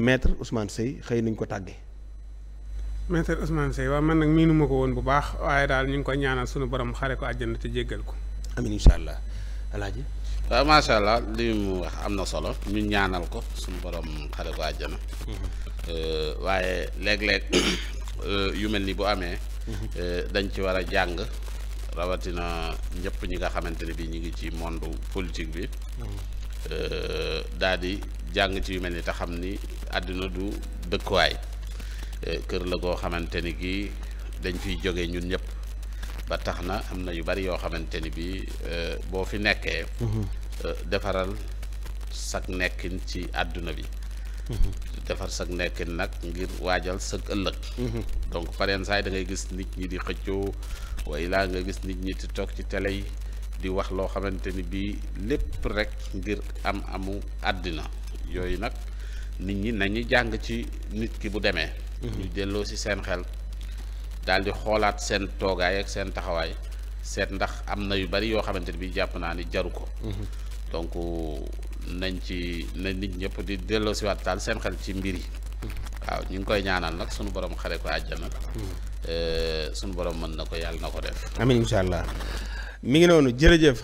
maître Ousmane Seye xëy nañ ko tàggee. maître Ousmane Seye waaw man nag miinu ma ko woon bu baax waaye daal ñu ngi ko ñaanal sunu borom xare ko àjjana te jéggal ko. amin allah alaaji waaw macha allah na solo ñu ñaanal ko suñu borom xare ko àjjana. Mm-hmm. Euh, waaye léeg-léeg euh, yu mel ni bu amee. Mm-hmm. Euh, dañ ci war jàng rawatina ñëpp ñi nga xamante ne bii ñu ngi ci monde politique bi. Mm-hmm. daal jàng ci yu mel ni te xam ni àddina du dëkkuwaay eh, kër la goo xamante ni gi dañ fiy jóge ñun ñëpp ba tax na am na yu bari yoo xamante ni bi eh, boo fi nekkee mhm. eh, defaral sag nekkin ci àdduna bi mhm. defar sag nekkin nag ngir waajal sag ëllëg mhm. donc pareen saay da ngay gis nit ñi di xëccoo way laa nga gis nit ñi di toog ci tele yi di wax loo xamante ni bii lépp rekk ngir am amu àddina yooyu nag nit ñi nañu jàng ci nit ki bu demee mhm. ñu delloo si seen xel daal di xoolaat seen toogaay ak seen taxawaay seet ndax am na yu bari yoo xamante ne bi jàpp naa ni jaru ko mhm. donc nañ ci na nit ñëpp di delloo si waat daal seen xel ci mbir yi mhm. waaw ñu ngi koy ñaanal nag sunu borom xale ko àjjana euh, sunu boroom mën na ko yàlla na ko def amin incha allah mi ngi noonu jërëjëf